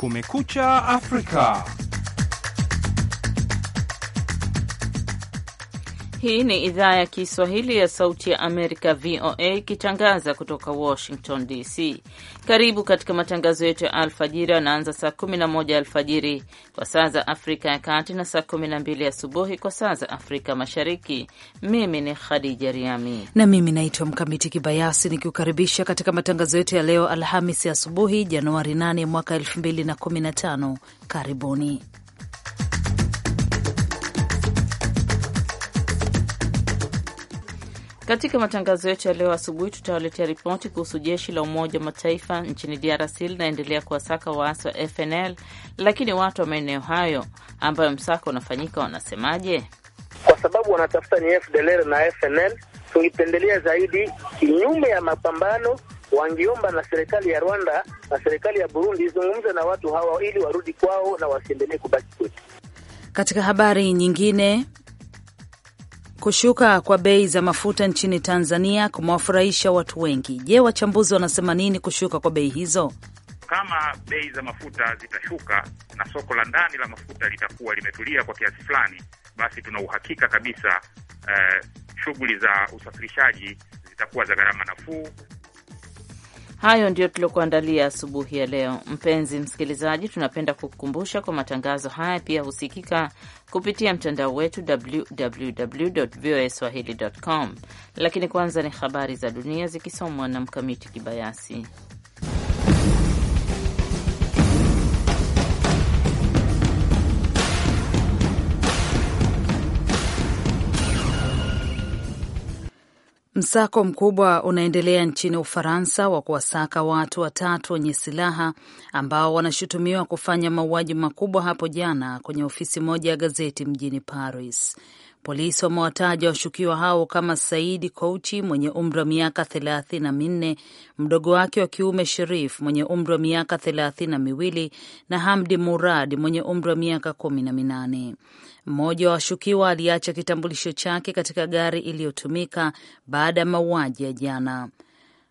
Kumekucha Afrika. Hii ni idhaa ya Kiswahili ya Sauti ya Amerika, VOA, ikitangaza kutoka Washington DC. Karibu katika matangazo yetu ya alfajiri, yanaanza saa 11 alfajiri kwa saa za Afrika ya Kati na saa 12 asubuhi kwa saa za Afrika Mashariki. Mimi ni Khadija Riami na mimi naitwa Mkamiti Kibayasi, nikiukaribisha katika matangazo yetu ya leo Alhamisi asubuhi, Januari 8 mwaka 2015. Karibuni Katika matangazo yetu ya leo asubuhi, tutawaletea ripoti kuhusu jeshi la Umoja wa Mataifa nchini DRC linaendelea kuwasaka waasi wa FNL, lakini watu wa maeneo hayo ambayo msako unafanyika wanasemaje? Kwa sababu wanatafuta ni FDLR na FNL, tungipendelea zaidi kinyume ya mapambano wangiomba na serikali ya Rwanda na serikali ya Burundi izungumze na watu hawa ili warudi kwao na wasiendelee kubaki kwetu. Katika habari nyingine, Kushuka kwa bei za mafuta nchini Tanzania kumewafurahisha watu wengi. Je, wachambuzi wanasema nini kushuka kwa bei hizo? Kama bei za mafuta zitashuka na soko la ndani la mafuta litakuwa limetulia kwa kiasi fulani, basi tuna uhakika kabisa eh, shughuli za usafirishaji zitakuwa za gharama nafuu. Hayo ndiyo tuliokuandalia asubuhi ya leo. Mpenzi msikilizaji, tunapenda kukukumbusha kwa matangazo haya pia husikika kupitia mtandao wetu www voa swahili com, lakini kwanza ni habari za dunia zikisomwa na Mkamiti Kibayasi. Msako mkubwa unaendelea nchini Ufaransa wa kuwasaka watu watatu wenye silaha ambao wanashutumiwa kufanya mauaji makubwa hapo jana kwenye ofisi moja ya gazeti mjini Paris. Polisi wamewataja washukiwa hao kama Saidi Kouchi mwenye umri wa miaka thelathini na minne, mdogo wake wa kiume Sherif mwenye umri wa miaka thelathini na miwili na Hamdi Murad mwenye umri wa miaka kumi na minane. Mmoja wa washukiwa aliacha kitambulisho chake katika gari iliyotumika baada ya mauaji ya jana.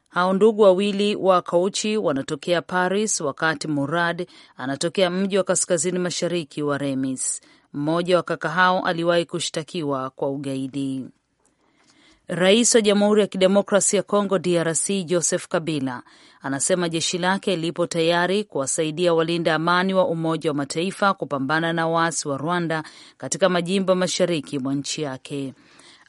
Hao ndugu wawili wa Kauchi wanatokea Paris, wakati Murad anatokea mji wa kaskazini mashariki wa Remis. Mmoja wa kaka hao aliwahi kushtakiwa kwa ugaidi. Rais wa Jamhuri ya Kidemokrasi ya Kongo DRC Joseph Kabila anasema jeshi lake lipo tayari kuwasaidia walinda amani wa Umoja wa Mataifa kupambana na waasi wa Rwanda katika majimbo mashariki mwa nchi yake.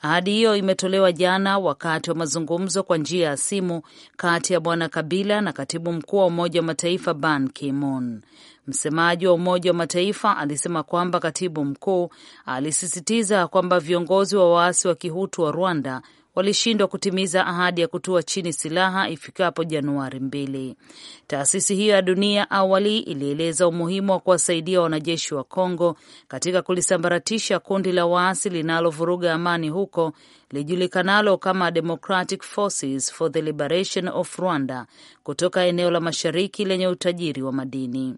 Ahadi hiyo imetolewa jana wakati wa mazungumzo kwa njia ya simu kati ya Bwana Kabila na katibu mkuu wa Umoja wa Mataifa Ban Ki-moon. Msemaji wa Umoja wa Mataifa alisema kwamba katibu mkuu alisisitiza kwamba viongozi wa waasi wa Kihutu wa Rwanda walishindwa kutimiza ahadi ya kutua chini silaha ifikapo Januari mbili. Taasisi hiyo ya dunia awali ilieleza umuhimu wa kuwasaidia wanajeshi wa Kongo katika kulisambaratisha kundi la waasi linalovuruga amani huko lijulikanalo kama Democratic Forces for the Liberation of Rwanda kutoka eneo la mashariki lenye utajiri wa madini.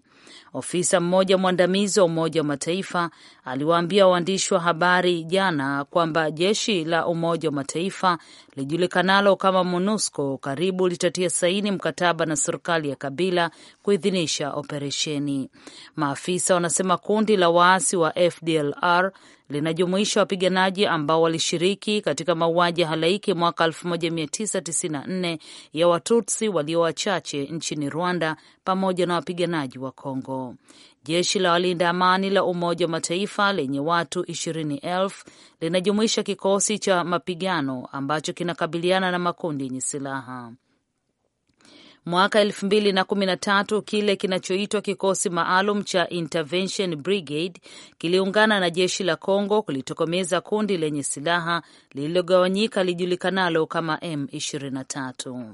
Ofisa mmoja mwandamizi wa Umoja wa Mataifa aliwaambia waandishi wa habari jana kwamba jeshi la Umoja wa Mataifa lijulikanalo kama MONUSCO karibu litatia saini mkataba na serikali ya Kabila kuidhinisha operesheni. Maafisa wanasema kundi la waasi wa FDLR linajumuisha wapiganaji ambao walishiriki katika mauaji ya halaiki mwaka 1994 ya Watutsi walio wachache nchini Rwanda pamoja na wapiganaji wa Kongo. Jeshi la walinda amani la Umoja wa Mataifa lenye watu ishirini linajumuisha kikosi cha mapigano ambacho kinakabiliana na makundi yenye silaha mwaka elfu mbili na kumi na tatu kile kinachoitwa kikosi maalum cha Intervention Brigade kiliungana na jeshi la Congo kulitokomeza kundi lenye silaha lililogawanyika lijulikanalo kama M23.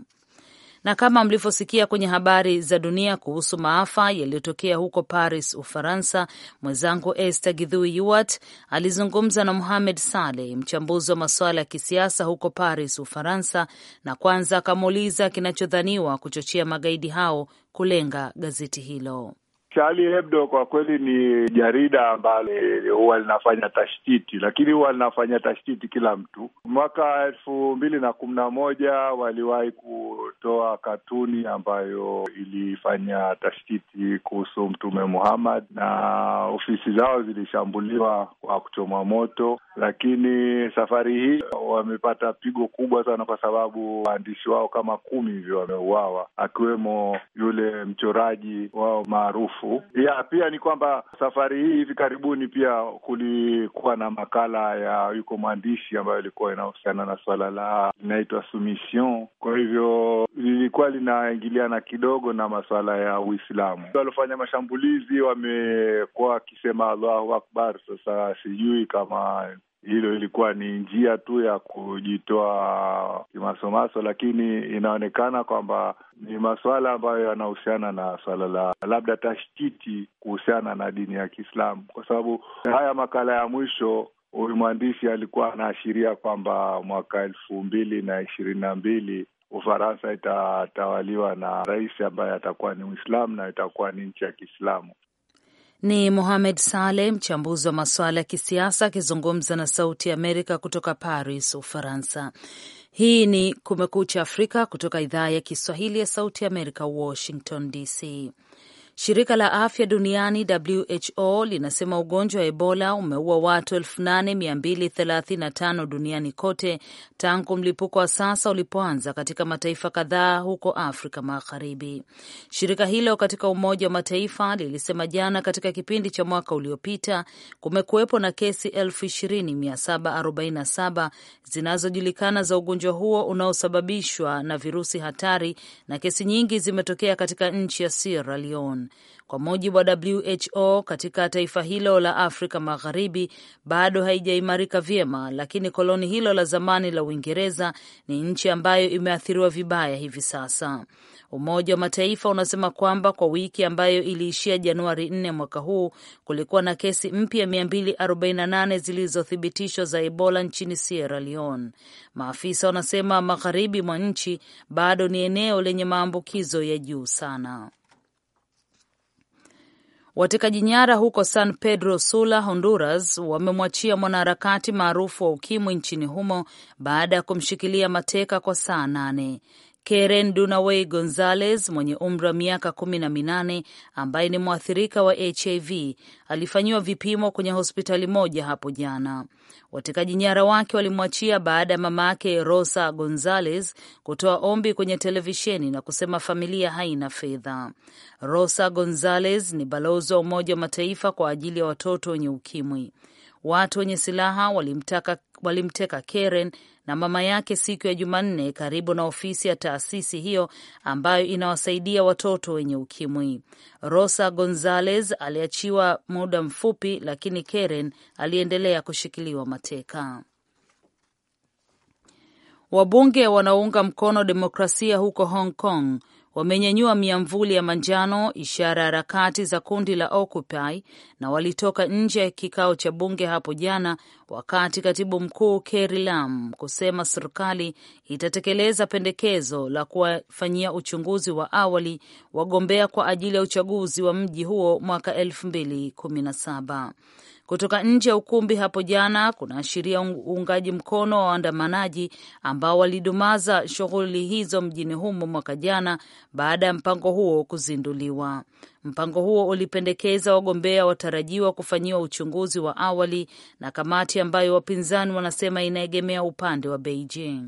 Na kama mlivyosikia kwenye habari za dunia kuhusu maafa yaliyotokea huko Paris, Ufaransa, mwenzangu Esther Gidhui yuart alizungumza na Muhamed Saleh, mchambuzi wa masuala ya kisiasa huko Paris, Ufaransa, na kwanza akamuuliza kinachodhaniwa kuchochea magaidi hao kulenga gazeti hilo. Charlie Hebdo kwa kweli ni jarida ambalo huwa linafanya tashtiti, lakini huwa linafanya tashtiti kila mtu. Mwaka elfu mbili na kumi na moja waliwahi kutoa katuni ambayo ilifanya tashtiti kuhusu Mtume Muhammad na ofisi zao zilishambuliwa kwa kuchomwa moto, lakini safari hii wamepata pigo kubwa sana kwa sababu waandishi wao kama kumi hivyo wameuawa, akiwemo yule mchoraji wao maarufu siku ya pia ni kwamba safari hii hivi karibuni pia kulikuwa na makala ya yuko mwandishi ambayo ilikuwa inahusiana na swala la linaitwa Sumission. Kwa hivyo lilikuwa linaingiliana kidogo na masuala ya Uislamu. Waliofanya mashambulizi wamekuwa wakisema Allahu Akbar. Sasa sijui kama hilo ilikuwa ni njia tu ya kujitoa kimasomaso, lakini inaonekana kwamba ni masuala ambayo yanahusiana na swala la labda tashtiti kuhusiana na dini ya Kiislamu, kwa sababu haya makala ya mwisho huyu mwandishi alikuwa anaashiria kwamba mwaka elfu mbili na ishirini na mbili Ufaransa itatawaliwa na rais ambaye atakuwa ni Mwislamu na itakuwa ni nchi ya Kiislamu. Ni Mohamed Saleh, mchambuzi wa masuala ya kisiasa akizungumza na Sauti ya Amerika kutoka Paris, Ufaransa. Hii ni Kumekucha Afrika kutoka idhaa ya Kiswahili ya Sauti ya Amerika, Washington DC. Shirika la afya duniani WHO linasema ugonjwa wa Ebola umeua watu 8235 duniani kote tangu mlipuko wa sasa ulipoanza katika mataifa kadhaa huko Afrika Magharibi. Shirika hilo katika Umoja wa Mataifa lilisema jana, katika kipindi cha mwaka uliopita kumekuwepo na kesi 20747 zinazojulikana za ugonjwa huo unaosababishwa na virusi hatari, na kesi nyingi zimetokea katika nchi ya Sierra Leone. Kwa mujibu wa WHO, katika taifa hilo la Afrika Magharibi bado haijaimarika vyema, lakini koloni hilo la zamani la Uingereza ni nchi ambayo imeathiriwa vibaya hivi sasa. Umoja wa Mataifa unasema kwamba kwa wiki ambayo iliishia Januari 4 mwaka huu kulikuwa na kesi mpya 248 zilizothibitishwa za Ebola nchini Sierra Leone. Maafisa wanasema magharibi mwa nchi bado ni eneo lenye maambukizo ya juu sana. Watekaji nyara huko San Pedro Sula, Honduras, wamemwachia mwanaharakati maarufu wa ukimwi nchini humo baada ya kumshikilia mateka kwa saa nane. Karen Dunaway Gonzales mwenye umri wa miaka kumi na minane ambaye ni mwathirika wa HIV alifanyiwa vipimo kwenye hospitali moja hapo jana. Watekaji nyara wake walimwachia baada ya mama yake Rosa Gonzales kutoa ombi kwenye televisheni na kusema familia haina fedha. Rosa Gonzales ni balozi wa Umoja wa Mataifa kwa ajili ya watoto wenye ukimwi. Watu wenye silaha walimtaka, walimteka Karen na mama yake siku ya Jumanne karibu na ofisi ya taasisi hiyo ambayo inawasaidia watoto wenye ukimwi. Rosa Gonzalez aliachiwa muda mfupi, lakini Karen aliendelea kushikiliwa mateka. Wabunge wanaounga mkono demokrasia huko Hong Kong wamenyanyua miamvuli ya manjano, ishara ya harakati za kundi la Occupy, na walitoka nje ya kikao cha bunge hapo jana, wakati katibu mkuu Carrie Lam kusema serikali itatekeleza pendekezo la kuwafanyia uchunguzi wa awali wagombea kwa ajili ya uchaguzi wa mji huo mwaka 2017 kutoka nje ya ukumbi hapo jana kunaashiria uungaji mkono wa waandamanaji ambao walidumaza shughuli hizo mjini humo mwaka jana baada ya mpango huo kuzinduliwa. Mpango huo ulipendekeza wagombea watarajiwa kufanyiwa uchunguzi wa awali na kamati ambayo wapinzani wanasema inaegemea upande wa Beijing.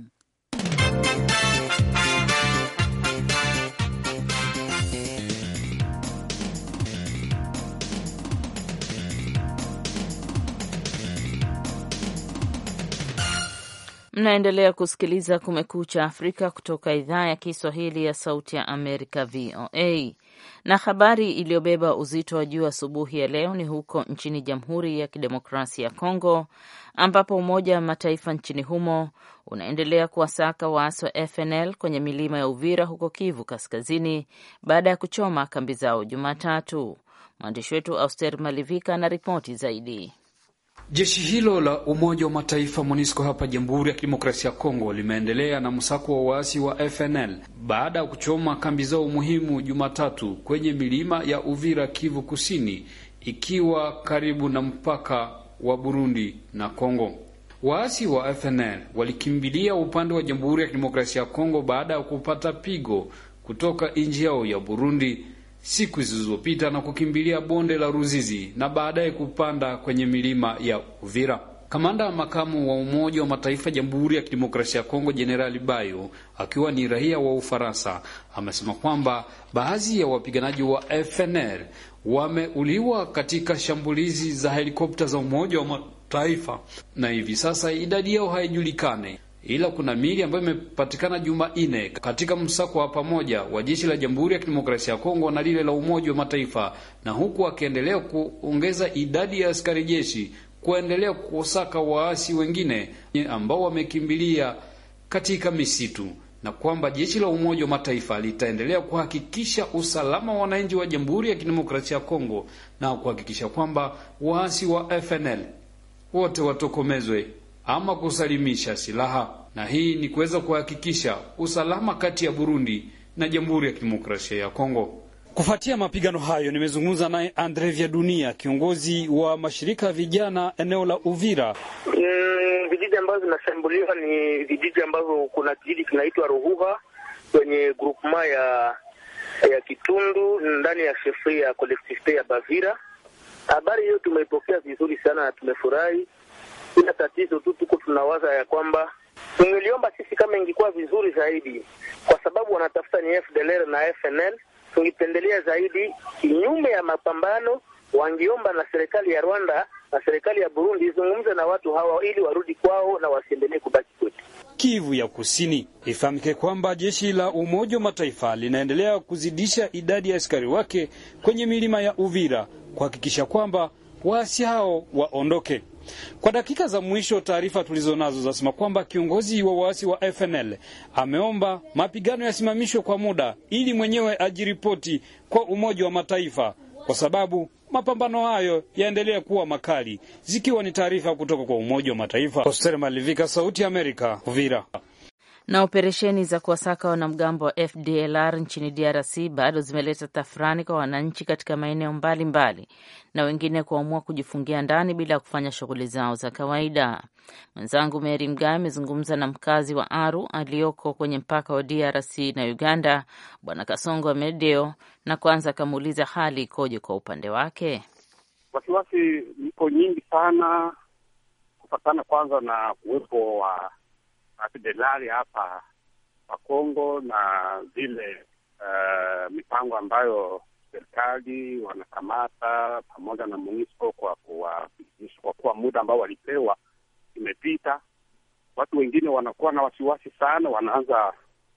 Mnaendelea kusikiliza Kumekucha Afrika kutoka idhaa ya Kiswahili ya Sauti ya Amerika, VOA. Na habari iliyobeba uzito wa juu asubuhi ya leo ni huko nchini Jamhuri ya Kidemokrasia ya Kongo, ambapo Umoja wa Mataifa nchini humo unaendelea kuwasaka waasi wa FNL kwenye milima ya Uvira huko Kivu Kaskazini baada ya kuchoma kambi zao Jumatatu. Mwandishi wetu Auster Malivika ana ripoti zaidi. Jeshi hilo la Umoja wa Mataifa MONUSCO hapa Jamhuri ya Kidemokrasia ya Kongo limeendelea na msako wa waasi wa FNL baada ya kuchoma kambi zao muhimu Jumatatu kwenye milima ya Uvira, Kivu Kusini, ikiwa karibu na mpaka wa Burundi na Kongo. Waasi wa FNL walikimbilia upande wa Jamhuri ya Kidemokrasia ya Kongo baada ya kupata pigo kutoka nchi yao ya Burundi siku zilizopita na kukimbilia bonde la Ruzizi na baadaye kupanda kwenye milima ya Uvira. Kamanda makamu wa Umoja wa Mataifa Jamhuri ya Kidemokrasia ya Kongo Jenerali Bayo akiwa ni raia wa Ufaransa amesema kwamba baadhi ya wapiganaji wa FNL wameuliwa katika shambulizi za helikopta za Umoja wa Mataifa na hivi sasa idadi yao haijulikane ila kuna miili ambayo imepatikana Jumanne katika msako wa pamoja wa jeshi la Jamhuri ya Kidemokrasia ya Kongo na lile la Umoja wa Mataifa, na huku akiendelea kuongeza idadi ya askari jeshi kuendelea kusaka waasi wengine ambao wamekimbilia katika misitu na kwamba jeshi la Umoja wa Mataifa litaendelea kuhakikisha usalama wa wananchi wa Jamhuri ya Kidemokrasia ya Kongo na kuhakikisha kwamba waasi wa FNL wote watokomezwe ama kusalimisha silaha, na hii ni kuweza kuhakikisha usalama kati ya Burundi na Jamhuri ya Kidemokrasia ya Kongo. Kufuatia mapigano hayo, nimezungumza naye Andre Vya Dunia, kiongozi wa mashirika ya vijana eneo la Uvira. Mm, vijiji ambazo zinashambuliwa ni vijiji ambavyo kuna kijiji kinaitwa Ruhuha kwenye grupema ya ya Kitundu ndani ya shefri ya kolektivite ya Bavira. Habari hiyo tumeipokea vizuri sana na tumefurahi ila tatizo tu tuko tunawaza ya kwamba tungeliomba sisi kama ingekuwa vizuri zaidi, kwa sababu wanatafuta ni FDLR na FNL. Tungependelea zaidi kinyume ya mapambano, wangeomba na serikali ya Rwanda na serikali ya Burundi izungumze na watu hawa ili warudi kwao na wasiendelee kubaki kwetu. Kivu ya Kusini. Ifahamike kwamba jeshi la Umoja wa Mataifa linaendelea kuzidisha idadi ya askari wake kwenye milima ya Uvira kuhakikisha kwamba waasi hao waondoke. Kwa dakika za mwisho, taarifa tulizonazo zinasema kwamba kiongozi wa waasi wa FNL ameomba mapigano yasimamishwe kwa muda ili mwenyewe ajiripoti kwa Umoja wa Mataifa kwa sababu mapambano hayo yaendelea kuwa makali, zikiwa ni taarifa kutoka kwa Umoja wa Mataifa. Hoster Malivika, Sauti ya Amerika, Uvira na operesheni za kuwasaka wanamgambo wa FDLR nchini DRC bado zimeleta tafurani kwa wananchi katika maeneo mbalimbali na wengine kuamua kujifungia ndani bila kufanya shughuli zao za kawaida. Mwenzangu Meri Mgae amezungumza na mkazi wa Aru aliyoko kwenye mpaka wa DRC na Uganda, Bwana Kasongo Amedeo, na kwanza akamuuliza hali ikoje kwa upande wake. Wasiwasi iko nyingi sana, kupatana kwanza na uwepo wa FDLR hapa kwa Kongo na zile uh, eh, mipango ambayo serikali wanakamata pamoja na MONUSCO kwa kuwa, kwa kuwa muda ambao walipewa imepita. Watu wengine wanakuwa na wasiwasi sana, wanaanza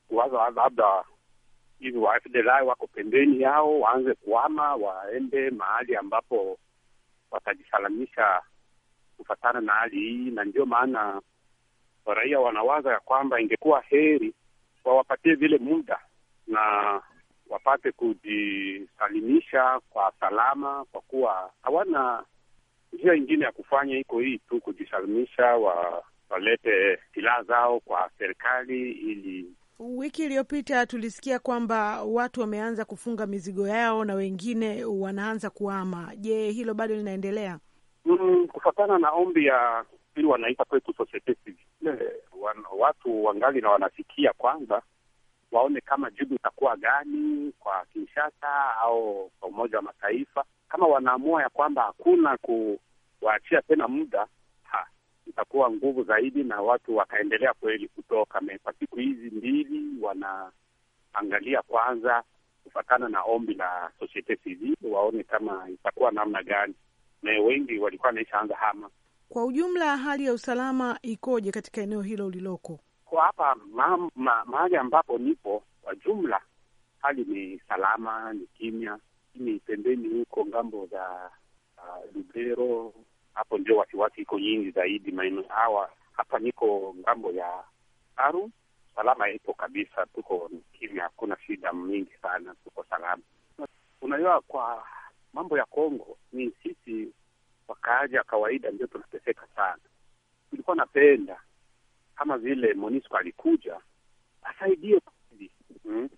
kuwaza labda hivi wa FDLR wako pembeni yao, waanze kuhama waende mahali ambapo watajisalamisha kufatana na hali hii, na ndio maana raia wanawaza ya kwamba ingekuwa heri wawapatie vile muda na wapate kujisalimisha kwa salama, kwa kuwa hawana njia ingine ya kufanya, iko hii tu kujisalimisha, wa, walete silaha zao kwa serikali ili Wiki iliyopita tulisikia kwamba watu wameanza kufunga mizigo yao na wengine wanaanza kuama. Je, hilo bado linaendelea? Mm, kufatana na ombi ya ili wanaita kwetu wan, watu wangali na wanafikia kwanza waone kama jibu itakuwa gani kwa Kinshasa au kwa Umoja wa Mataifa. Kama wanaamua ya kwamba hakuna kuwaachia tena muda, itakuwa nguvu zaidi na watu wataendelea kweli kutoka. Kwa siku hizi mbili wanaangalia kwanza kufatana na ombi la societe civile, waone kama itakuwa namna gani, na wengi walikuwa wanaishaanza hama kwa ujumla, hali ya usalama ikoje katika eneo hilo uliloko? Kwa hapa ma, mahali ambapo nipo, kwa jumla hali ni salama, ni kimya. ini pembeni huko ngambo za uh, Lubero, hapo ndio wasiwasi iko nyingi zaidi maeneo hawa. Hapa niko ngambo ya Aru, salama ipo kabisa, tuko kimya, hakuna shida mingi sana, tuko salama. Unajua, kwa mambo ya Kongo ni sisi wakaaja kawaida ndio tunateseka sana. Tulikuwa napenda kama vile Monisco alikuja asaidie hmm?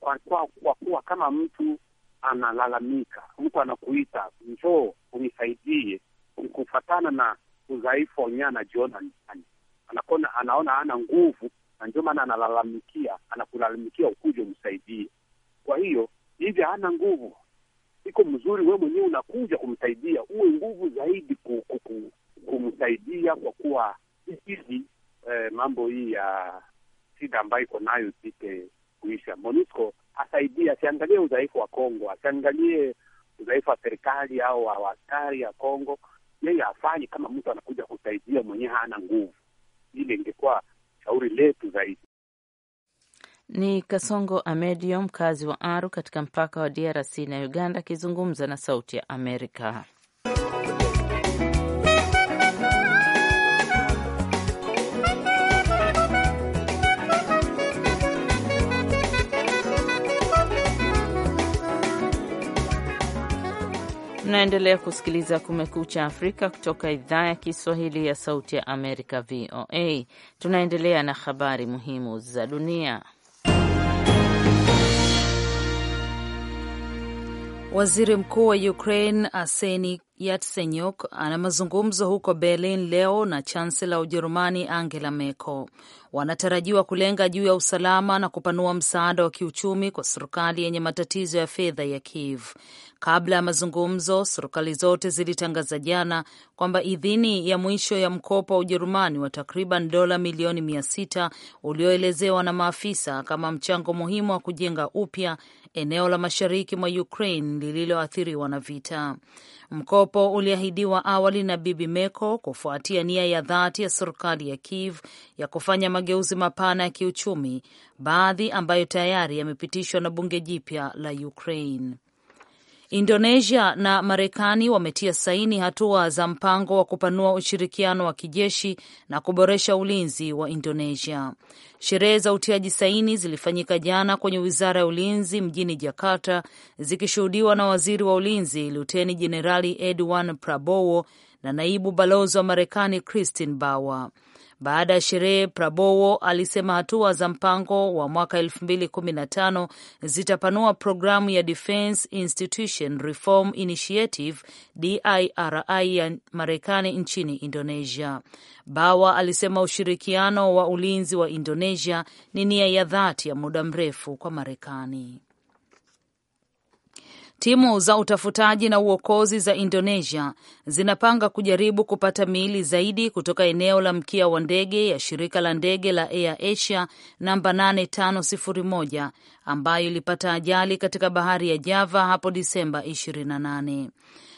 kwa, kwa, kwa kuwa kama mtu analalamika, mtu anakuita njoo unisaidie, kufatana na udhaifu wenyewe anajiona anakona, anaona hana nguvu, na ndio maana analalamikia, anakulalamikia ukuje umsaidie. Kwa hiyo hivi hana nguvu iko mzuri, wewe mwenyewe unakuja kumsaidia, uwe nguvu zaidi kumsaidia kwa kuwa hizi eh, mambo hii ya shida ambayo iko nayo ipite kuisha. MONUSCO asaidie, asiangalie udhaifu wa Kongo, asiangalie udhaifu wa serikali au wa askari ya Kongo. Yeye afanye kama mtu anakuja kusaidia mwenyewe hana nguvu. Ile ingekuwa shauri letu zaidi. Ni Kasongo Amedio, mkazi wa Aru katika mpaka wa DRC na Uganda, akizungumza na Sauti ya Amerika. Mnaendelea kusikiliza Kumekucha Afrika kutoka idhaa ya Kiswahili ya Sauti ya Amerika, VOA. Tunaendelea na habari muhimu za dunia. Waziri Mkuu wa Ukraine Arseni Yatsenyuk ana mazungumzo huko Berlin leo na chansela wa Ujerumani Angela Merkel wanatarajiwa kulenga juu ya usalama na kupanua msaada wa kiuchumi kwa serikali yenye matatizo ya fedha ya Kiev. Kabla ya mazungumzo, serikali zote zilitangaza jana kwamba idhini ya mwisho ya mkopo wa Ujerumani wa takriban dola milioni mia sita ulioelezewa na maafisa kama mchango muhimu wa kujenga upya eneo la mashariki mwa Ukraine lililoathiriwa na vita. Mkopo uliahidiwa awali na Bibi meko kufuatia nia ya dhati ya serikali ya Kiev ya kufanya mageuzi mapana ya kiuchumi, baadhi ambayo tayari yamepitishwa na bunge jipya la Ukraine. Indonesia na Marekani wametia saini hatua za mpango wa kupanua ushirikiano wa kijeshi na kuboresha ulinzi wa Indonesia. Sherehe za utiaji saini zilifanyika jana kwenye wizara ya ulinzi mjini Jakarta, zikishuhudiwa na waziri wa ulinzi Luteni Jenerali Edwan Prabowo na naibu balozi wa Marekani Christine Bawa. Baada ya sherehe, Prabowo alisema hatua za mpango wa mwaka 2015 zitapanua programu ya Defence Institution Reform Initiative DIRI ya Marekani nchini Indonesia. Bawa alisema ushirikiano wa ulinzi wa Indonesia ni nia ya dhati ya muda mrefu kwa Marekani. Timu za utafutaji na uokozi za Indonesia zinapanga kujaribu kupata miili zaidi kutoka eneo la mkia wa ndege ya shirika la ndege la Air Asia namba 8501 ambayo ilipata ajali katika bahari ya Java hapo Disemba 28.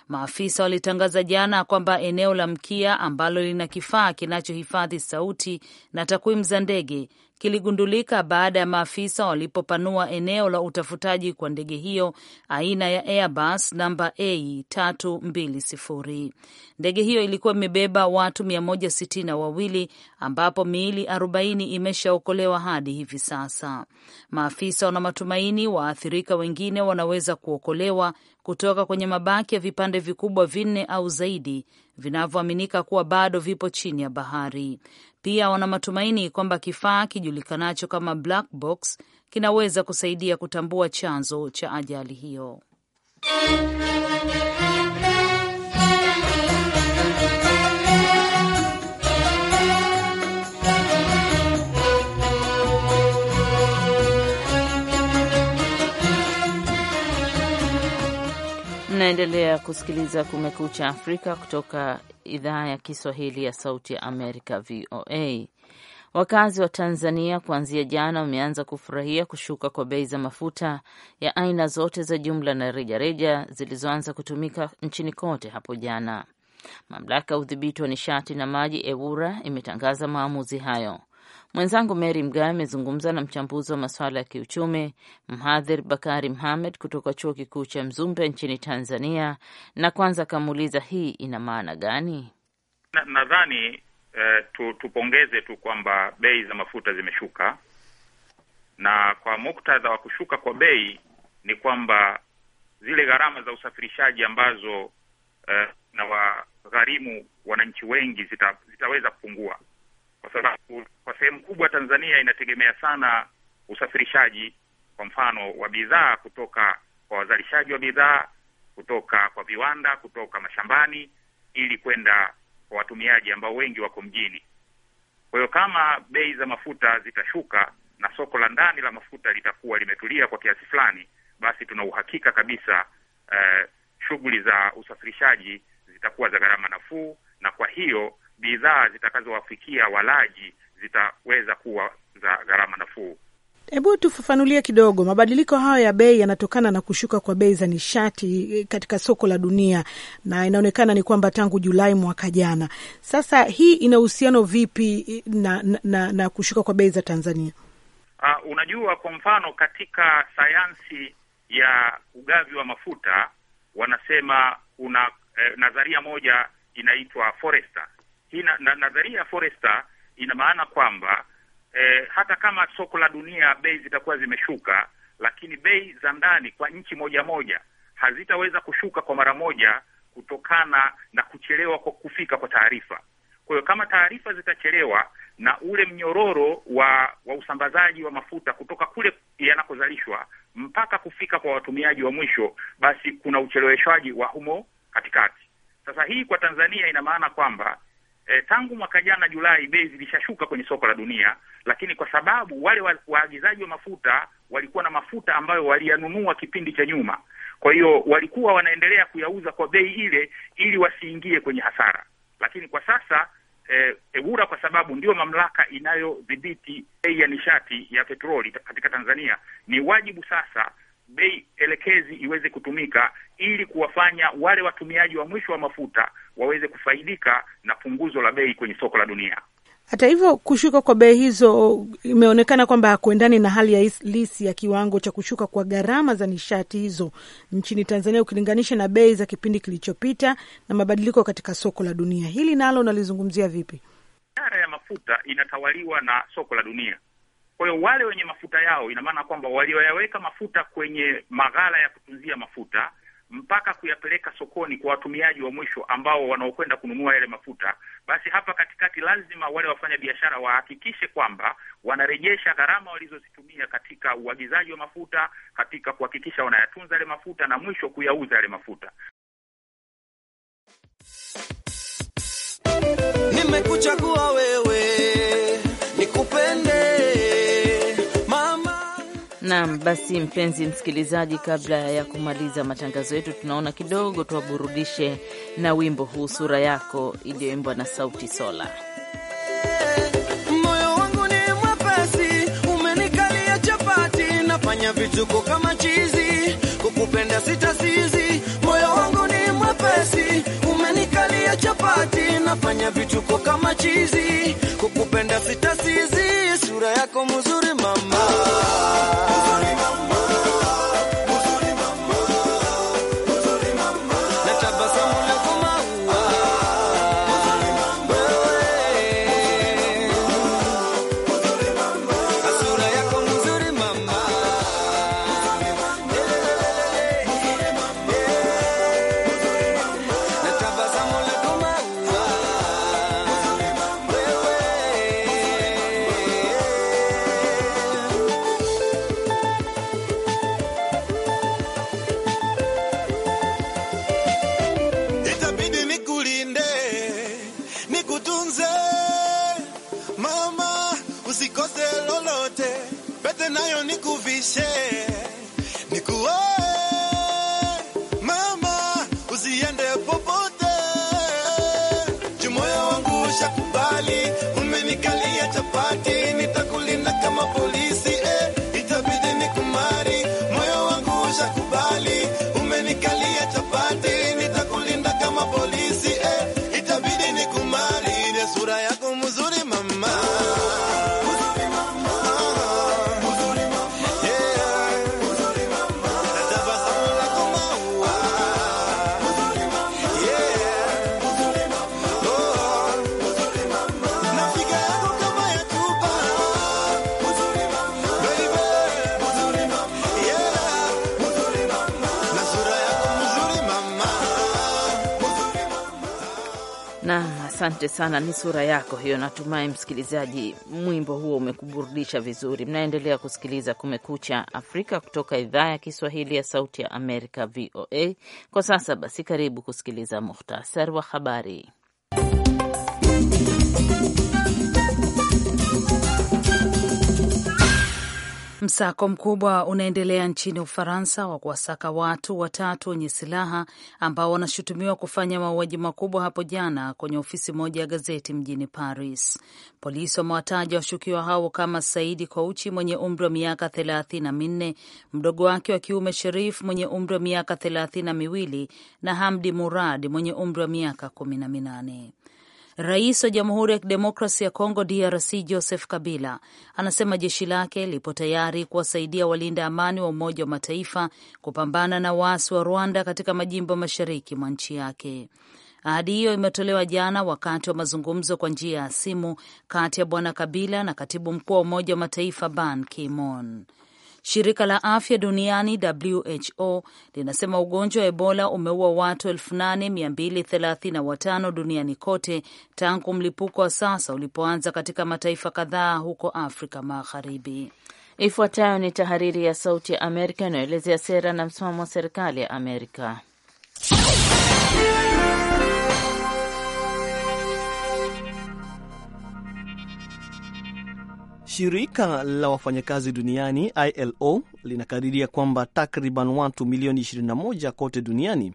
Maafisa walitangaza jana kwamba eneo la mkia ambalo lina kifaa kinachohifadhi sauti na takwimu za ndege kiligundulika baada ya maafisa walipopanua eneo la utafutaji kwa ndege hiyo aina ya Airbus namba A320. Ndege hiyo ilikuwa imebeba watu 162 ambapo miili 40 imeshaokolewa hadi hivi sasa. Maafisa wana matumaini waathirika wengine wanaweza kuokolewa kutoka kwenye mabaki ya vipande vikubwa vinne au zaidi vinavyoaminika kuwa bado vipo chini ya bahari. Pia wana matumaini kwamba kifaa kijulikanacho kama black box kinaweza kusaidia kutambua chanzo cha ajali hiyo. Naendelea kusikiliza Kumekucha Afrika kutoka idhaa ya Kiswahili ya Sauti ya Amerika, VOA. Wakazi wa Tanzania kuanzia jana wameanza kufurahia kushuka kwa bei za mafuta ya aina zote za jumla na rejareja zilizoanza kutumika nchini kote hapo jana. Mamlaka ya udhibiti wa nishati na maji EWURA imetangaza maamuzi hayo. Mwenzangu Mary Mgawe amezungumza na mchambuzi wa masuala ya kiuchumi Mhadhir Bakari mhamed kutoka Chuo Kikuu cha Mzumbe nchini Tanzania, na kwanza akamuuliza hii ina maana gani? Nadhani na eh, tupongeze tu kwamba bei za mafuta zimeshuka, na kwa muktadha wa kushuka kwa bei ni kwamba zile gharama za usafirishaji ambazo eh, na wagharimu wananchi wengi zita, zitaweza kupungua kwa sababu kwa sehemu kubwa Tanzania inategemea sana usafirishaji, kwa mfano wa bidhaa kutoka kwa wazalishaji wa bidhaa kutoka kwa viwanda, kutoka mashambani, ili kwenda kwa watumiaji ambao wengi wako mjini. Kwa hiyo kama bei za mafuta zitashuka na soko la ndani la mafuta litakuwa limetulia kwa kiasi fulani, basi tuna uhakika kabisa eh, shughuli za usafirishaji zitakuwa za gharama nafuu, na kwa hiyo bidhaa zitakazowafikia walaji zitaweza kuwa za gharama nafuu. Hebu tufafanulie kidogo, mabadiliko hayo ya bei yanatokana na kushuka kwa bei za nishati eh, katika soko la dunia, na inaonekana ni kwamba tangu Julai mwaka jana. Sasa hii ina uhusiano vipi eh, na, na, na, na kushuka kwa bei za Tanzania? Uh, unajua kwa mfano katika sayansi ya ugavi wa mafuta wanasema kuna eh, nadharia moja inaitwa hii na nadharia ya foresta ina maana kwamba eh, hata kama soko la dunia bei zitakuwa zimeshuka, lakini bei za ndani kwa nchi moja moja hazitaweza kushuka kwa mara moja kutokana na kuchelewa kwa kufika kwa taarifa. Kwa hiyo kama taarifa zitachelewa na ule mnyororo wa wa usambazaji wa mafuta kutoka kule yanakozalishwa mpaka kufika kwa watumiaji wa mwisho, basi kuna ucheleweshwaji wa humo katikati. Sasa hii kwa Tanzania ina maana kwamba E, tangu mwaka jana Julai bei zilishashuka kwenye soko la dunia, lakini kwa sababu wale waagizaji wa mafuta walikuwa na mafuta ambayo waliyanunua kipindi cha nyuma, kwa hiyo walikuwa wanaendelea kuyauza kwa bei ile ili wasiingie kwenye hasara. Lakini kwa sasa e, kwa sababu ndiyo mamlaka inayodhibiti bei ya nishati ya petroli katika Tanzania, ni wajibu sasa bei elekezi iweze kutumika ili kuwafanya wale watumiaji wa mwisho wa mafuta waweze kufaidika na punguzo la bei kwenye soko la dunia. Hata hivyo, kushuka kwa bei hizo imeonekana kwamba hakuendani na hali ya halisi ya kiwango cha kushuka kwa gharama za nishati hizo nchini Tanzania ukilinganisha na bei za kipindi kilichopita na mabadiliko katika soko la dunia. Hili nalo nalizungumzia vipi? Biashara ya mafuta inatawaliwa na soko la dunia. Kwa hiyo wale wenye mafuta yao, ina maana kwamba walioyaweka mafuta kwenye maghala ya kutunzia mafuta mpaka kuyapeleka sokoni kwa watumiaji wa mwisho ambao wanaokwenda kununua yale mafuta, basi hapa katikati lazima wale wafanya biashara wahakikishe kwamba wanarejesha gharama walizozitumia katika uagizaji wa mafuta, katika kuhakikisha wanayatunza yale mafuta na mwisho kuyauza yale mafuta. Nimekuchagua wewe Naam, basi mpenzi msikilizaji, kabla ya kumaliza matangazo yetu, tunaona kidogo tuwaburudishe na wimbo huu sura yako iliyoimbwa na Sauti Sola. Moyo wangu ni mwepesi, umenikalia chapati, nafanya vituko kama chizi, kukupenda sitasizi. Moyo wangu ni mwepesi, umenikalia chapati, nafanya vituko kama chizi, kukupenda sitasizi sura yako mzuri mama, mzuri mama. Asante sana, ni sura yako hiyo. Natumai msikilizaji, mwimbo huo umekuburudisha vizuri. Mnaendelea kusikiliza Kumekucha Afrika kutoka idhaa ya Kiswahili ya Sauti ya Amerika, VOA. Kwa sasa basi, karibu kusikiliza muhtasari wa habari. Msako mkubwa unaendelea nchini Ufaransa wa kuwasaka watu watatu wenye silaha ambao wanashutumiwa kufanya mauaji makubwa hapo jana kwenye ofisi moja ya gazeti mjini Paris. Polisi wamewataja washukiwa hao kama Saidi Kouchi mwenye umri wa miaka thelathini na minne, mdogo wake wa kiume Sherif mwenye umri wa miaka thelathini na miwili na Hamdi Murad mwenye umri wa miaka kumi na minane. Rais wa Jamhuri ya Kidemokrasi ya Kongo DRC Joseph Kabila anasema jeshi lake lipo tayari kuwasaidia walinda amani wa Umoja wa Mataifa kupambana na waasi wa Rwanda katika majimbo mashariki mwa nchi yake. Ahadi hiyo imetolewa jana wakati wa mazungumzo kwa njia ya simu kati ya Bwana Kabila na katibu mkuu wa Umoja wa Mataifa Ban Ki-moon. Shirika la afya duniani WHO linasema ugonjwa wa Ebola umeua watu 8235 duniani kote tangu mlipuko wa sasa ulipoanza katika mataifa kadhaa huko Afrika Magharibi. Ifuatayo ni tahariri ya Sauti ya Amerika inayoelezea sera na msimamo wa serikali ya Amerika. Shirika la wafanyakazi duniani ILO linakadiria kwamba takriban watu milioni 21 kote duniani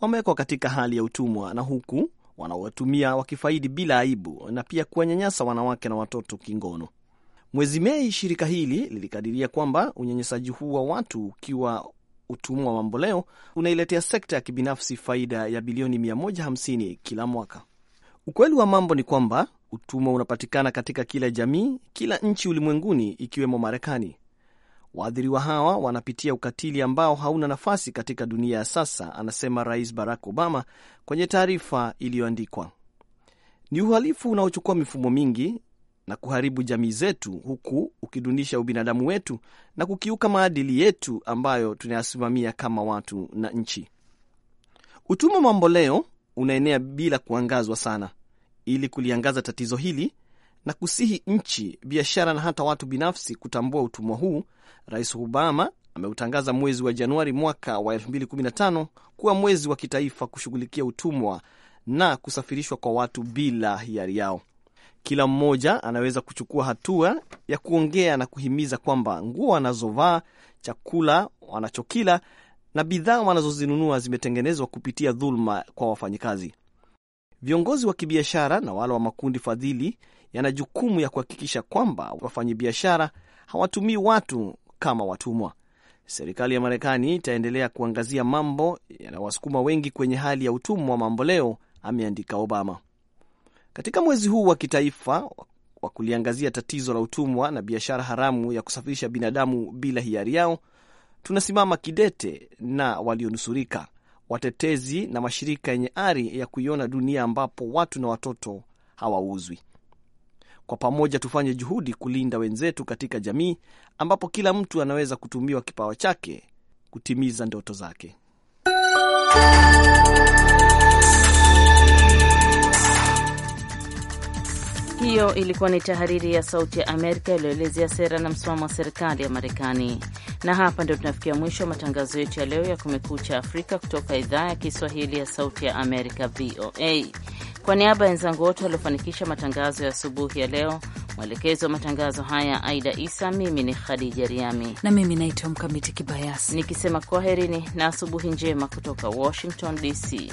wamewekwa katika hali ya utumwa na huku wanaowatumia wakifaidi bila aibu na pia kuwanyanyasa wanawake na watoto kingono. Mwezi Mei, shirika hili lilikadiria kwamba unyanyasaji huu wa watu ukiwa utumwa mamboleo unailetea sekta ya kibinafsi faida ya bilioni 150 kila mwaka. Ukweli wa mambo ni kwamba Utumwa unapatikana katika kila jamii, kila nchi ulimwenguni, ikiwemo Marekani. Waathiriwa hawa wanapitia ukatili ambao hauna nafasi katika dunia ya sasa, anasema Rais Barack Obama kwenye taarifa iliyoandikwa. Ni uhalifu unaochukua mifumo mingi na kuharibu jamii zetu, huku ukidunisha ubinadamu wetu na kukiuka maadili yetu ambayo tunayasimamia kama watu na nchi. Utumwa mamboleo unaenea bila kuangazwa sana ili kuliangaza tatizo hili na kusihi nchi, biashara na hata watu binafsi kutambua utumwa huu. Rais Obama ameutangaza mwezi wa Januari mwaka wa 2015 kuwa mwezi wa kitaifa kushughulikia utumwa na kusafirishwa kwa watu bila hiari yao. Kila mmoja anaweza kuchukua hatua ya kuongea na kuhimiza kwamba nguo wanazovaa, chakula wanachokila na bidhaa wanazozinunua zimetengenezwa kupitia dhuluma kwa wafanyikazi. Viongozi wa kibiashara na wale wa makundi fadhili yana jukumu ya kuhakikisha kwamba wafanyabiashara hawatumii watu kama watumwa. Serikali ya Marekani itaendelea kuangazia mambo yanawasukuma wengi kwenye hali ya utumwa mamboleo, ameandika Obama. Katika mwezi huu wa kitaifa wa kuliangazia tatizo la utumwa na biashara haramu ya kusafirisha binadamu bila hiari yao, tunasimama kidete na walionusurika, watetezi na mashirika yenye ari ya kuiona dunia ambapo watu na watoto hawauzwi. Kwa pamoja tufanye juhudi kulinda wenzetu katika jamii ambapo kila mtu anaweza kutumiwa kipawa chake kutimiza ndoto zake. Hiyo ilikuwa ni tahariri ya Sauti ya Amerika iliyoelezea sera na msimamo wa serikali ya Marekani. Na hapa ndio tunafikia mwisho wa matangazo yetu ya leo ya Kumekucha Afrika kutoka idhaa ya Kiswahili ya Sauti ya Amerika, VOA. Kwa niaba ya wenzangu wote waliofanikisha matangazo ya asubuhi ya leo, mwelekezi wa matangazo haya Aida Isa, mimi ni Khadija Riami na mimi naitwa Mkamiti Kibayasi nikisema kwaherini na asubuhi njema kutoka Washington DC.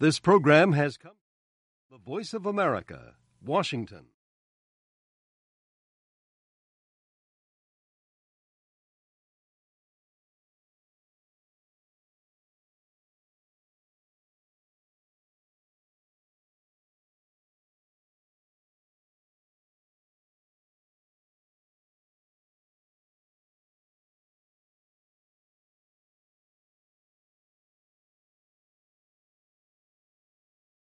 This program has come. The Voice of America, Washington.